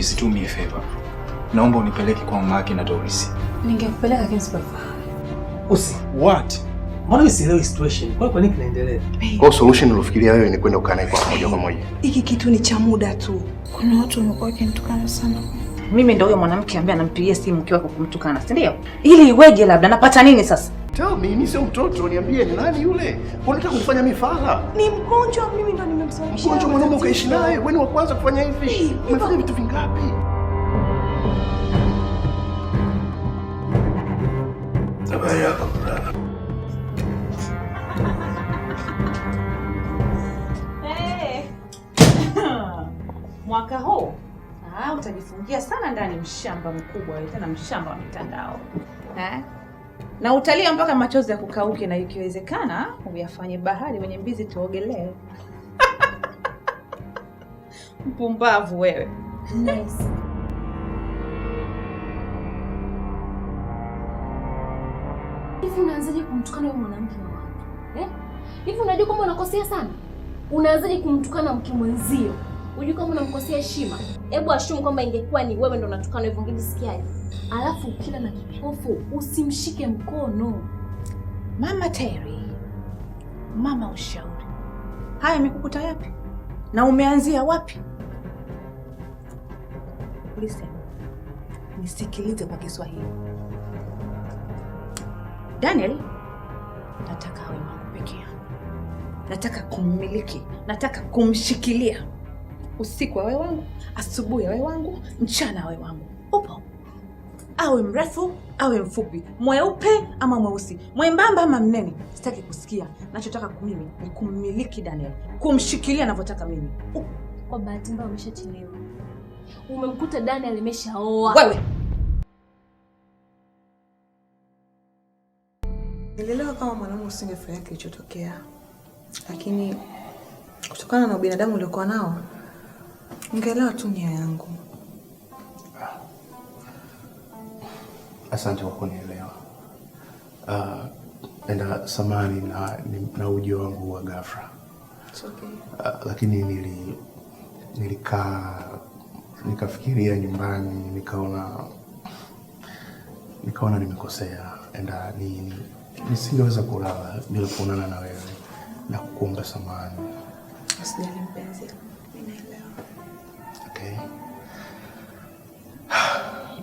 Please do me a favor. Naomba unipeleke kwa mama yake na Doris. Ningekupeleka Kings Park. Usi, what? Mbona usielewi situation? Kwa kwa nini kinaendelea? Kwa solution ulofikiria wewe ni kwenda ukanae kwa moja kwa moja. Hiki kitu ni cha muda tu. Kuna watu wamekuwa wakinitukana sana. Mimi ndio huyo mwanamke ambaye anampigia simu mke wako kumtukana, si ndio? Ili iweje labda napata nini sasa? Tell me, mimi sio mtoto, niambie ni nani yule? Unataka kufanya mifala? Ni mgonjwa mimi ndio Mgonjwa mwanaume ukaishi naye, wewe ni wa kwanza kufanya hivi. Umefanya vitu vingapi? Mwaka huu ah, utajifungia sana ndani, mshamba mkubwa tena mshamba wa mitandao ha? Eh? na utalia mpaka machozi ya kukauke, na ikiwezekana uyafanye bahari, wenye mbizi tuogelee. Mpumbavu wewe. Nice. Hivi unaanzaje kumtukana huyo mwanamke wa watu? Eh? Hivi unajua kwamba unakosea sana? Unaanzaje kumtukana mke mwenzio? Unajua kwamba unamkosea heshima. Hebu ashumu kwamba ingekuwa ni wewe ndo unatukana hivyo ungejisikiaje? Alafu ukila na kipofu usimshike mkono. Mama Terry. Mama ushauri. Haya amekukuta yapi? Na umeanzia wapi? Listen. Nisikilize kwa Kiswahili. Daniel, nataka awe wangu peke yangu. Nataka kummiliki, nataka kumshikilia. Usiku awe wangu, asubuhi awe wangu, mchana awe wangu. Upo? Awe mrefu, awe mfupi, mweupe ama mweusi, mwembamba ama mnene, sitaki kusikia. Nachotaka mimi ni kummiliki Daniel, kumshikilia anavyotaka mimi. Kwa bahati mbaya umeshachelewa umemkuta Daniel ameshaoa. Wewe nilelewa kama mwanaume, usingefurahia kilichotokea, lakini kutokana na ubinadamu uliokuwa nao ningeelewa tu nia yangu. Ah, asante kwa kunielewa. Uh, ah, enda samani na, na ujio wangu wa ghafla. Okay. Uh, lakini nili nilikaa nikafikiria nyumbani, nikaona nikaona nimekosea, enda ni nisingeweza kulala bila kuonana na wewe na kukuomba samahani. Usijali mpenzi, ninaelewa. Okay.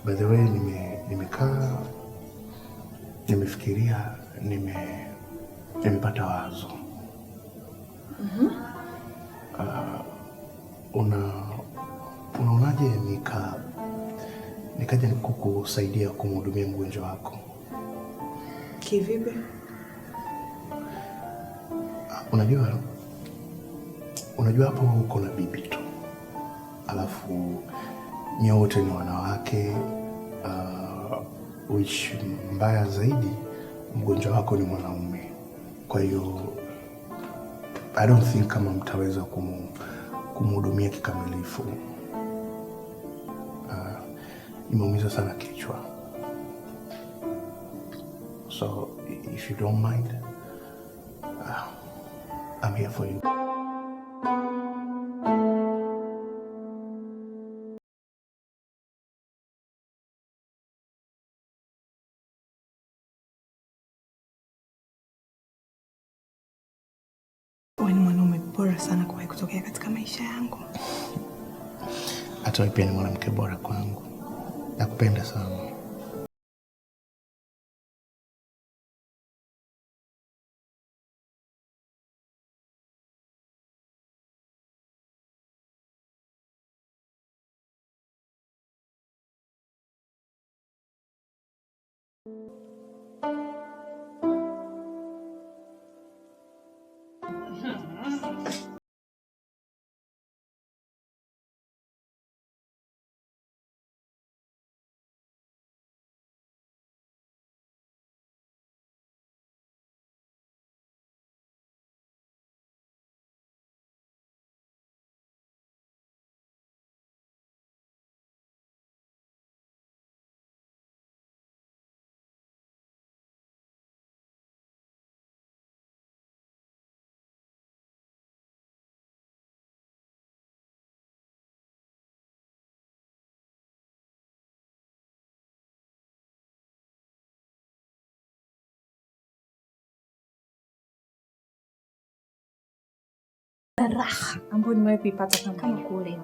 By the way, nime nimekaa nimefikiria, nime nimepata wazo. Mm-hmm. Uh, una nikaja kukusaidia kumhudumia mgonjwa wako. Kivipi? Unajua, unajua hapo uko na bibi tu, alafu nyote ni wanawake uh, which mbaya zaidi mgonjwa wako ni mwanaume. Kwa hiyo I don't think kama mtaweza kumhudumia kikamilifu nimeumiza sana kichwa, so if you don't mind, uh, I'm here for you. sana kuwahi kutokea katika maisha yangu. Hata wewe pia ni mwanamke bora kwangu. Nakupenda sana. raha ambayo nimewahi kuipata kama kuolewa.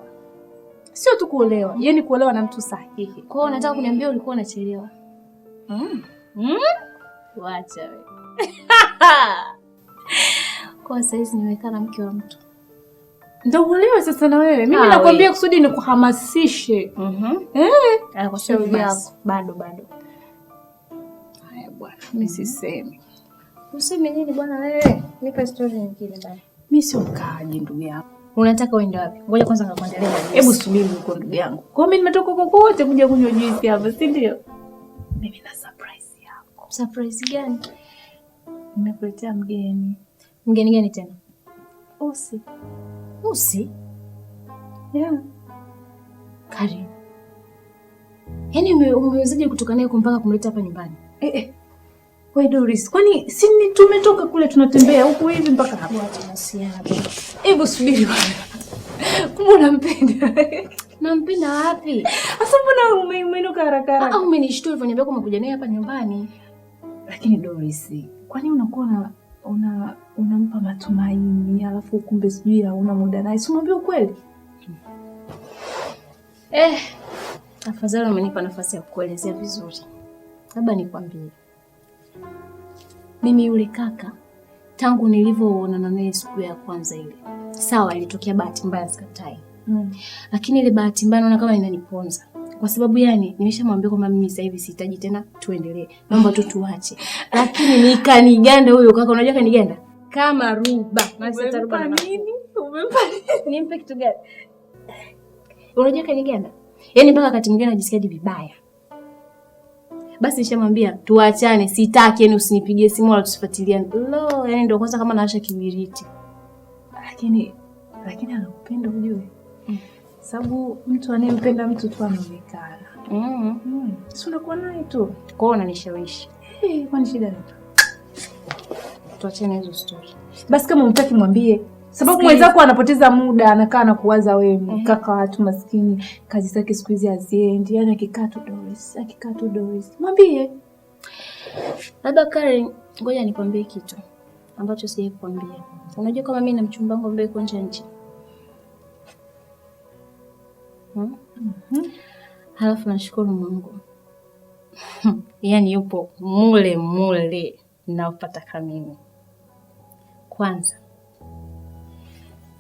Sio tu kuolewa, mm. yaani kuolewa na mtu sahihi. Kwa hiyo unataka kuniambia ulikuwa unachelewa? Mm. Mm? Wacha wewe. Kwa saizi nimekaa na mke wa mtu. Ndio uolewe sasa na wewe. Mimi ah, nakwambia kusudi ni kuhamasishe. Mhm. Mm Eh, ah, kwa shauri yako bado bado. Haya bwana, mimi sisemi. Useme nini bwana wewe? Nipa story nyingine bwana. Mi sio mkaaji ndugu yangu. Unataka uende wapi? Ngoja kwanza ngakuandalia. Hebu subiri huko ndugu yangu. Kwa mimi nimetoka huko kote kuja kunywa juisi hapa, si ndio? Mimi na surprise yako. Surprise gani? Nimekuletea mgeni. Mgeni gani tena? Usi. Usi? Yeah. Karibu. Yaani umewezaje kutoka naye kumpaka kumleta hapa nyumbani? Eh eh. We Doris, kwani si tumetoka kule tunatembea huku hivi mpaka hapa. Hebu subiri wewe. Kumbe unampenda. Nampenda wapi? Sasa mbona umeinuka haraka haraka? Ah, umenishtua hivyo niambia kama kuja naye hapa nyumbani. Lakini Doris, kwani unakuwa na una unampa matumaini alafu kumbe sijui hauna muda naye. Si mwambie ukweli. Eh, afadhali umenipa nafasi ya kuelezea vizuri. Labda nikwambie. Mimi yule kaka tangu nilivyoonana naye siku ya kwanza ile, sawa, ilitokea bahati mbaya, sikatai mm. Lakini ile bahati mbaya naona kama inaniponza kwa sababu yani nimeshamwambia kwamba mimi sasa hivi sihitaji tena, tuendelee, naomba tu tuache, lakini nikaniganda huyo kaka. Unajua kaniganda kama ruba, nimpe kitu gani? Unajua kaniganda, yaani mpaka wakati mwingine najisikiaje vibaya basi nishamwambia tuachane, sitaki, yani usinipigie simu wala tusifuatiliane. Lo, yani ndio kwanza kama nawasha kibiriti. Lakini lakini anakupenda ujue, mm. sababu mtu anayempenda mtu tu anaonekana mm. mm. si unakuwa naye tu kwao, unanishawishi hey, eh, kwani shida nini? Tuachane hizo stori basi, kama utaki mwambie sababu mwenzako anapoteza muda anakaa na kuwaza wewe. mm. Kaka watu maskini, kazi zake siku hizi haziendi, yani akikaa tu Doris, akikaa tu Doris. Mwambie labda Karen, ngoja nikwambie kitu ambacho sijawahi kuambia Unajua kama mimi na mchumba wangu ambaye yuko nje nje, hmm? Mhm. Halafu nashukuru Mungu yani yupo mule mule naopata mimi kwanza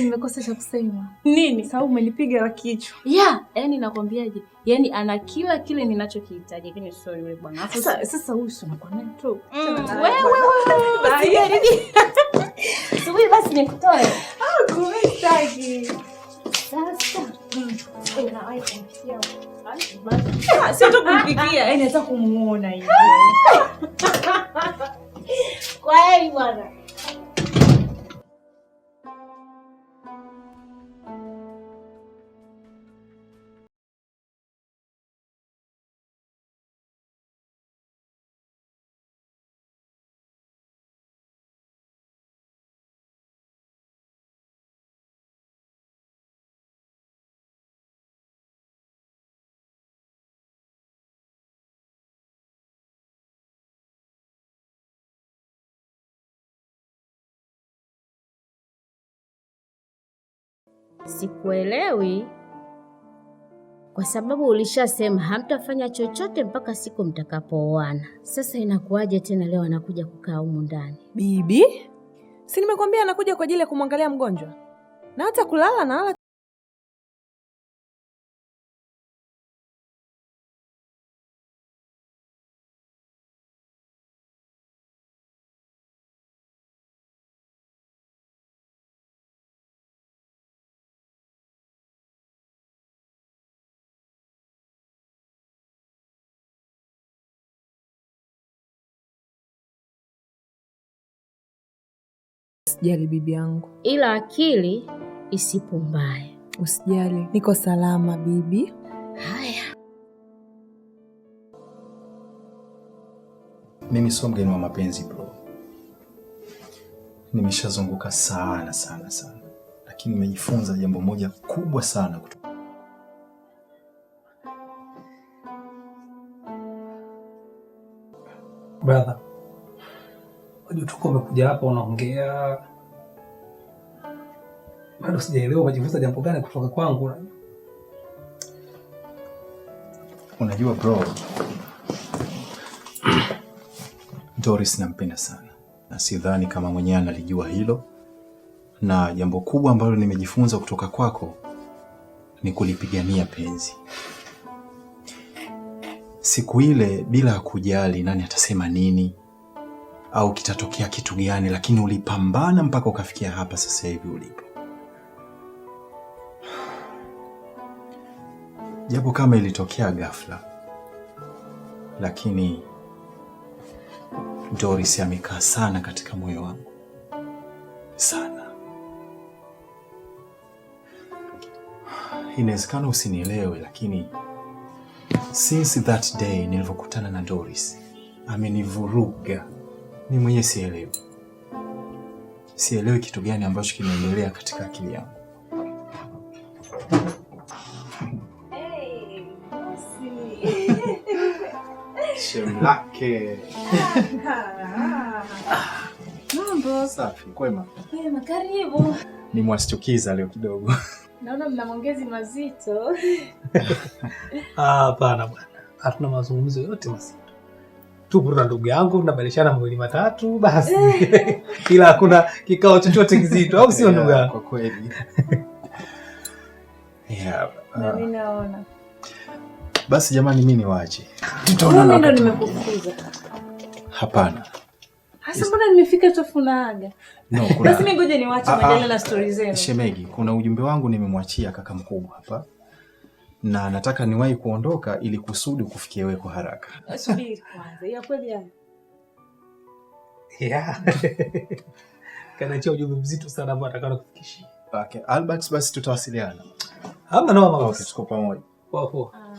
nimekosesha kusema. Nini? Sababu umelipiga la kichwa. Yeah, yani nakwambiaje? yani ana kila kile ninachokihitaji lakini sio yule bwana. Alafu sasa huyu sio unakuwa tu. Mm, wewe wewe. Subiri basi nikutoe. Ah, kuwezaki. Sasa. Mm. Ah, sio tu kumpigia, yani hata kumuona hivi. Kwa hiyo bwana. sikuelewi, kwa sababu ulishasema hamtafanya chochote mpaka siku mtakapooana. Sasa inakuwaje tena leo anakuja kukaa humu ndani? Bibi, si nimekwambia anakuja kwa ajili ya kumwangalia mgonjwa na hata kulala na Usijali bibi yangu, ila akili mbaya. Usijali, niko salama bibi. Haya, mimi sio mgeni wa mapenzi bro, nimeshazunguka sana sana sana, lakini nimejifunza jambo moja kubwa sana kutu. Brother. Wajutuka, umekuja hapa unaongea, bado sijaelewa umejifunza jambo gani kutoka kwangu. Unajua bro, Doris nampenda sana, na sidhani kama mwenyewe analijua hilo, na jambo kubwa ambalo nimejifunza kutoka kwako ni kulipigania penzi. Siku ile bila kujali nani atasema nini au kitatokea kitu gani, lakini ulipambana mpaka ukafikia hapa sasa hivi ulipo. Japo kama ilitokea ghafla, lakini Doris amekaa sana katika moyo wangu sana. Inawezekana usinielewe, lakini since that day nilivyokutana na Doris amenivuruga ni mwenye sielewi, sielewi kitu gani ambacho kinaendelea katika akili yangu. Shemlake mambo safi, kwema karibu. Nimwashtukiza leo kidogo Naona mna maongezi mazito. Ah, hapana bwana, hatuna mazungumzo yote mazito tupo na ndugu yangu tunabadilishana mawili matatu basi eh. ila hakuna kikao chochote kizito, au sio ndugu yangu? Kwa kweli basi jamani, mimi niwaache, tutaonana. Ndio Hapana. Hasa mbona nimefika No, kuna... basi mimi ngoja niwaache ah, ah. na zenu. Shemegi, kuna ujumbe wangu nimemwachia kaka mkubwa hapa na nataka niwahi kuondoka ili kusudi kufikia wewe kwa haraka. Subiri kwanza. Ya kweli ya Yeah. Kanacho ujumbe mzito sana ambao atakana kufikishia. Okay. Albert, basi tutawasiliana. Hamna no mama. Okay, tuko pamoja. Poa poa. Ah.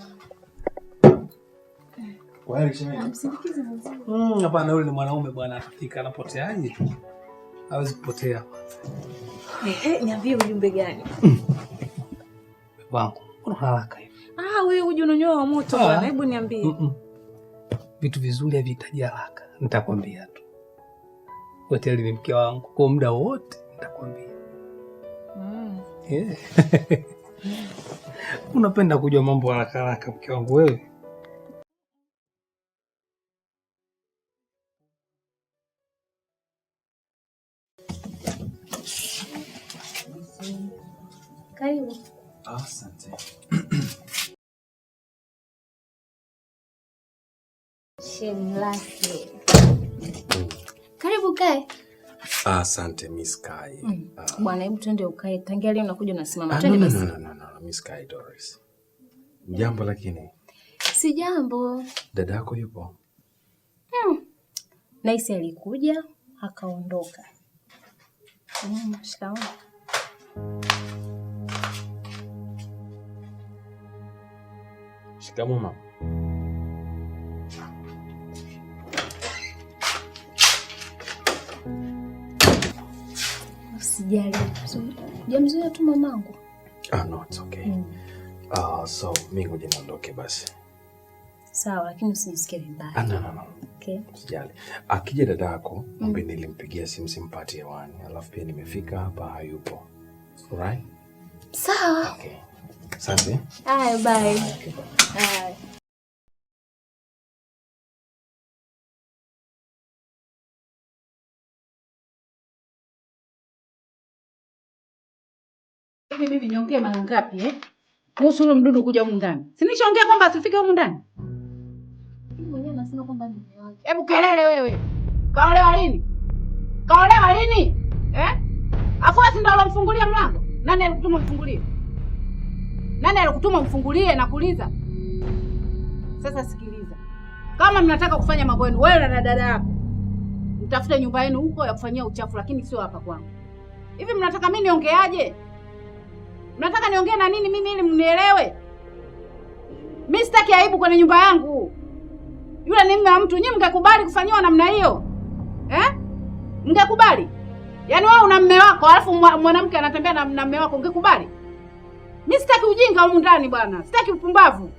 Ah, msindikize mzee. Hmm, hapana yule ni mwanaume bwana atafika anapoteaje Hawezi kupotea. Eh, eh niambie ujumbe gani? Wangu. Kuna haraka hivi. Ah, wewe uje unonyoa moto ah. bwana, hebu niambie. Mm -mm. Vitu vizuri havihitaji haraka. Nitakwambia tu. Hoteli ni mke wangu kwa muda wote nitakwambia. Mm. Yeah. Unapenda kujua mambo haraka haraka mke wangu wewe. Karibu. Asante. Mm. Karibu kae. Asante Miss Kai. Mm. Ah. Bwana hebu twende ukae. Tangia leo unakuja unasimama. Ah, twende basi. No, no, no, no, no. Miss Kai Doris. Jambo lakini. Si jambo. Dada yako yupo? Hmm. Naisi alikuja akaondoka. Mm, shikamoo. Tamam abi. Sijali Jamzoea tu mamangu. Ah, no, it's okay. Mm. so mimi ngoja niondoke basi. Sawa, lakini usijisikie vibaya. Ah, no, no, no. Okay. Akija dadako, mwambie hmm. mm. nilimpigia simu simpati hewani. Alafu pia nimefika hapa hayupo. Sawa. Okay. Safi. Haya, bye. Haya. Hivi mara ngapi eh? Kuhusu huyo mdudu kuja huko ndani. Si nishaongea kwamba asifike huko ndani? Mwenyewe nasema kwamba ni wake. Hebu kelele wewe. Kaolewa lini? Kaolewa lini? Eh? Afu ndio alomfungulia mlango? Nani alikutuma mfungulie? Nani alikutuma mfungulie na kuuliza? Sasa sikiliza, kama mnataka kufanya mambo yenu, wewe na dada yako mtafute nyumba yenu huko ya kufanyia uchafu, lakini sio hapa kwangu. Hivi mnataka mimi niongeaje? Mnataka niongee na nini mimi ili mnielewe? Mimi sitaki aibu kwenye nyumba yangu. Yule ni mume wa mtu, nyinyi mngekubali kufanyiwa namna hiyo eh? Mngekubali? Yaani wewe una mume wako alafu mwanamke anatembea na mume wako, ungekubali? Mi sitaki ujinga humu ndani bwana, sitaki upumbavu.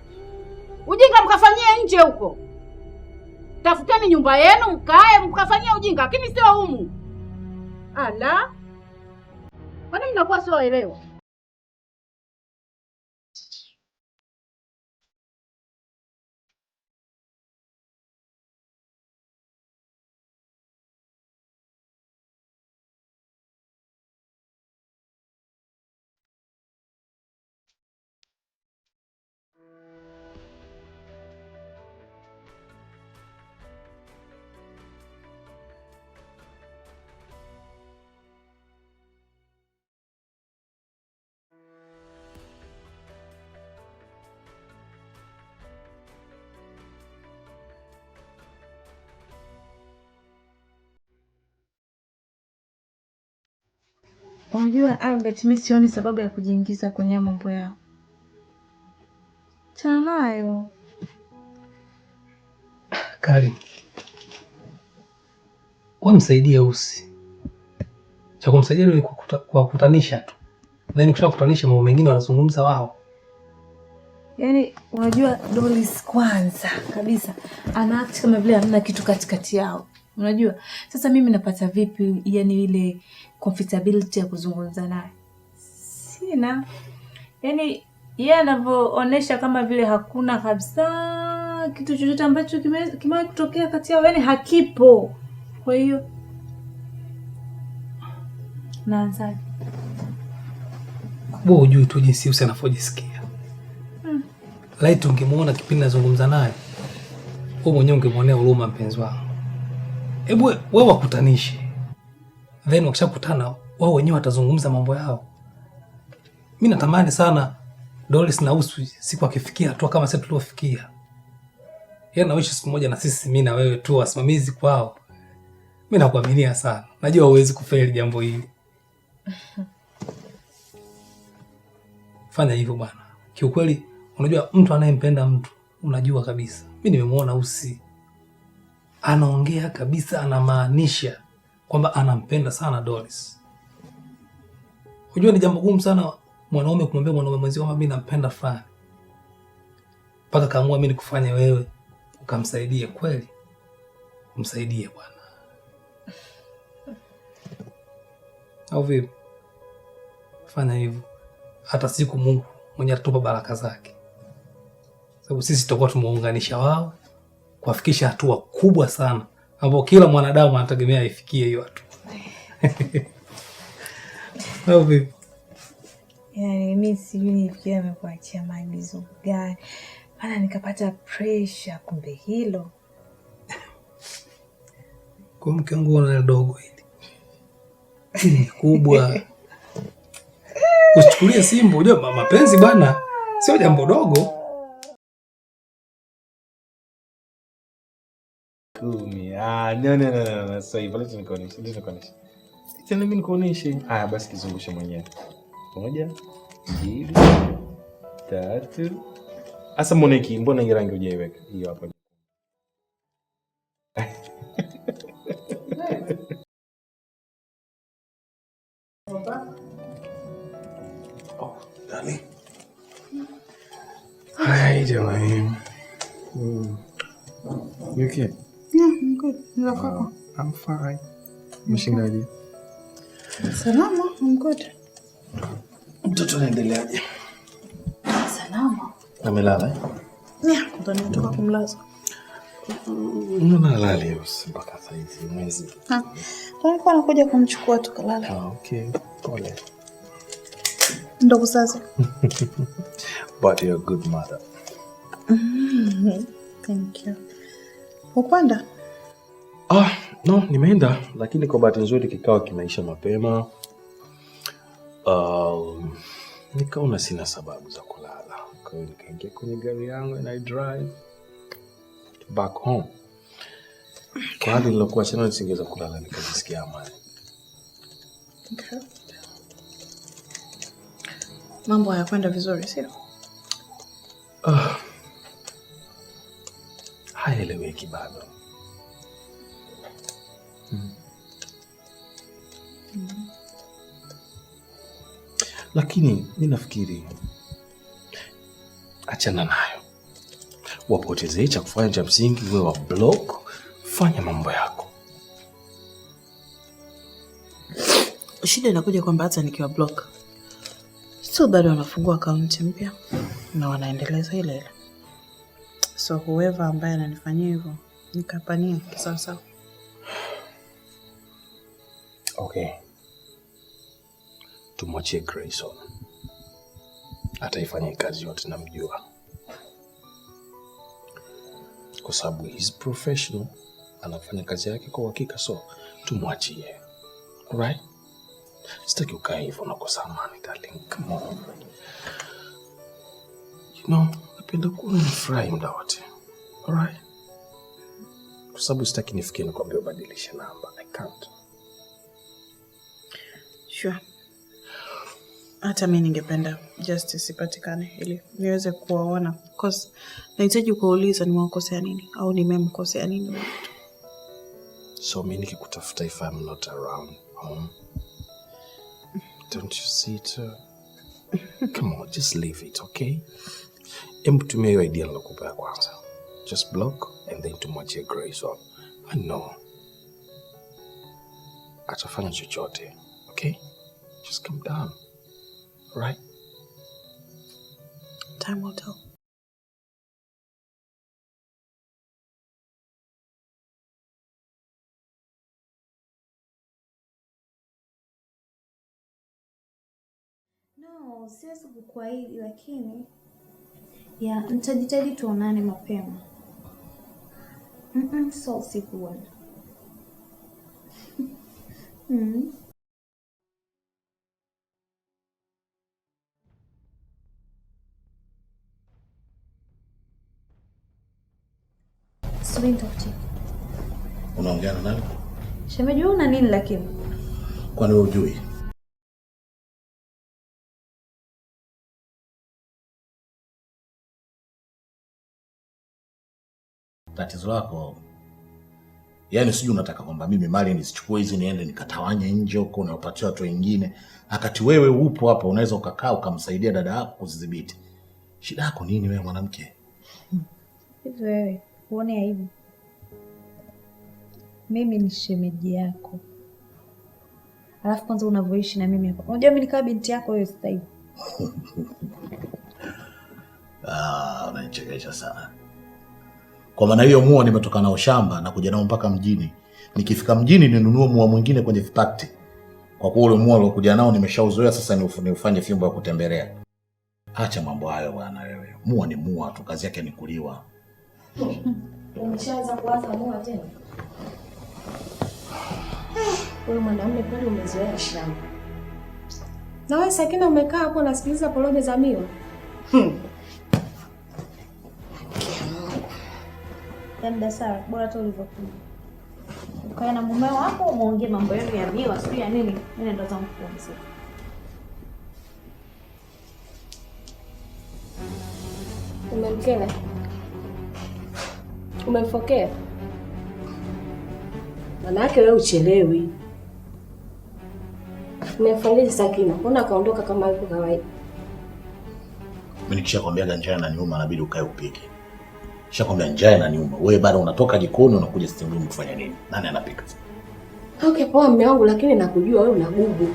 Ujinga mkafanyie nje huko, tafuteni nyumba yenu mkae mkafanyia ujinga, lakini sio humu. Ala, kwani mnakuwa sio waelewa? Unajua Albert, mimi sioni sababu ya kujiingiza kwenye mambo yao. Chana nayo. Kari, wamsaidie usi Cha kumsaidia ni kuwakutanisha tu, then ukishakutanisha mambo mengine wanazungumza wao. Yaani unajua Doris, kwanza kabisa ana act kama vile hamna kitu katikati yao. Unajua sasa mimi napata vipi, yani ile comfortability ya kuzungumza naye sina, yani yeye anavyoonyesha kama vile hakuna kabisa kitu chochote ambacho kimewahi kutokea kati yao, yani hakipo. Kwa hiyo naanza Kubwa ujui tu jinsi Usi anavyojisikia. Hmm, laiti ungemwona kipindi nazungumza naye, wewe mwenyewe ungemwonea huruma mpenzi wangu. Hebu wewe wakutanishe, then wakishakutana wao wenyewe watazungumza mambo yao. Mi natamani sana Doris na Usu siku akifikia tu kama sisi tuliofikia, yaani nawishi siku moja na sisi, mi na wewe tu wasimamizi kwao. Mi nakuaminia sana, najua huwezi kufeli jambo hili. Fanya hivyo bwana, kiukweli. Unajua mtu anayempenda mtu unajua kabisa, mi nimemwona Usi anaongea kabisa, anamaanisha kwamba anampenda sana Doris. Unajua ni jambo gumu sana mwanaume kumwambia mwanaume mwenzio kwamba mimi nampenda fulani, mpaka kaamua mimi nikufanye wewe ukamsaidie. Kweli umsaidie bwana, au vipi? Fanya hivyo, hata siku Mungu mwenye atatupa baraka zake, sababu sisi tutakuwa tumeunganisha wao kuwafikisha hatua kubwa sana ambapo kila mwanadamu anategemea ifikie hiyo hatua. Yani, mi sijui nilifikiri amekuachia maagizo gani, maana nikapata pressure. kumbe hilo kwa mke wangu ana dogo hili kubwa, usichukulie simbu. unajua mapenzi bwana sio jambo dogo. kumi. Ah, no, no, no, no, no. Sasa hivi leta nikuoneshe, leta nikuoneshe. Tena mimi nikuoneshe. Haya basi kizungushe mwenyewe. Moja, mbili, tatu. Asa moneki, mbona hii rangi hujaiweka? Hiyo hapo. Hai jamani. Okay good. Wow. Uh, I'm fine. Mshindaje? Salama, I'm good. Mtoto anaendeleaje? Salama. Amelala? Yeah, ndo nimetoka kumlaza. Mm, mbona halali mpaka saa hizi mwezi? Ah. Nilikuwa nakuja kumchukua tukalala. Ah, okay. Pole. Ndugu sasa. But you're a good mother. Mm, thank you. Ukwenda? No, nimeenda lakini kwa bahati nzuri kikao kinaisha mapema. Um, nikaona sina sababu za kulala, kwa hiyo nikaingia kwenye gari yangu and I drive back home. Kwa hali nilokuwa chana nisingeweza kulala, nikajisikia amani. Mambo hayakwenda vizuri, sio? Uh, ah, haeleweki bado lakini mi nafikiri achana nayo, wapotezee cha kufanya cha msingi, wewe wa block, fanya mambo yako. Shida inakuja kwamba hata nikiwa block still bado wanafungua akaunti mpya na wanaendeleza ile ile, so whoever ambaye ananifanyia hivyo nikapania kisawasawa. Okay tumwachie Grayson, ataifanya kazi yote, namjua kwa sababu he's professional, anafanya kazi yake kwa uhakika, so tumwachie. Alright, sitaki ukae hivyo, kosa amani darling, come on. You know, napenda kuona nifurahi muda wote. Alright, kwa sababu sitaki nifikie nikwambia ubadilishe namba. I can't. Sure. Hata mi ningependa justice ipatikane ili niweze kuwaona, cause nahitaji kuwauliza nimewakosea nini au nimemkosea nini. So mi nikikutafuta, if I'm not around home, don't you see it? Come on, just leave it, okay? Hebu tumia hiyo idea nilokupa ya kwanza, just block and then tumwachie Grace. I know atafanya chochote, okay? Just come down right? Time will tell. No, siwezi kukuahidi, lakini ya nitajitahidi tuonane mapema. Mm -mm, so usiku bwana. mm. Subiri nitafutie. Unaongea na nani? Shemeji una nini lakini? Kwani wewe hujui? Tatizo lako yaani, sijui unataka kwamba mimi mali nisichukue hizi niende nikatawanye nje huko na upatie watu wengine, akati wewe upo hapa unaweza ukakaa ukamsaidia dada yako kuzidhibiti. Shida yako nini wewe mwanamke? Hivi wewe Uone aibu? Mimi ni shemeji yako, alafu kwanza unavyoishi na mimi hapa, unajua mimi nikawa binti yako wewe sasa hivi. Ah, unanichekesha sana. Kwa maana hiyo mua nimetoka nao shamba na kuja nao mpaka mjini. Nikifika mjini ninunue mua mwingine kwenye vipakti, kwa kuwa ule mua uliokuja nao nimeshauzoea, sasa niufanye fimbo ya kutembelea. Acha mambo hayo bwana, wewe. Mua ni mua tu, kazi yake ni kuliwa. Umeshaanza kuwaza ndoa tena? Wewe mwanamume kweli umezoea shamba. Na wewe Sakina umekaa hapo unasikiliza porojo za miwa. Labda Sara, bora tu ulivyokuja. Ukae na mume wako muongee mambo yenu ya miwa, sio ya nini? Mimi ndo zangu kupumzika. Umemkela? Umempokea? Manake wewe uchelewi. Umemfanyaje Sakina? Mbona akaondoka kama yuko kawaida? Mimi nikishakwambiaga njaa nyuma inabidi ukae upike. Nishakwambia njaa nyuma Wewe bado unatoka jikoni unakuja sitembeni kufanya nini? Nani anapika? Okay, poa mume wangu, lakini nakujua wewe una gugu.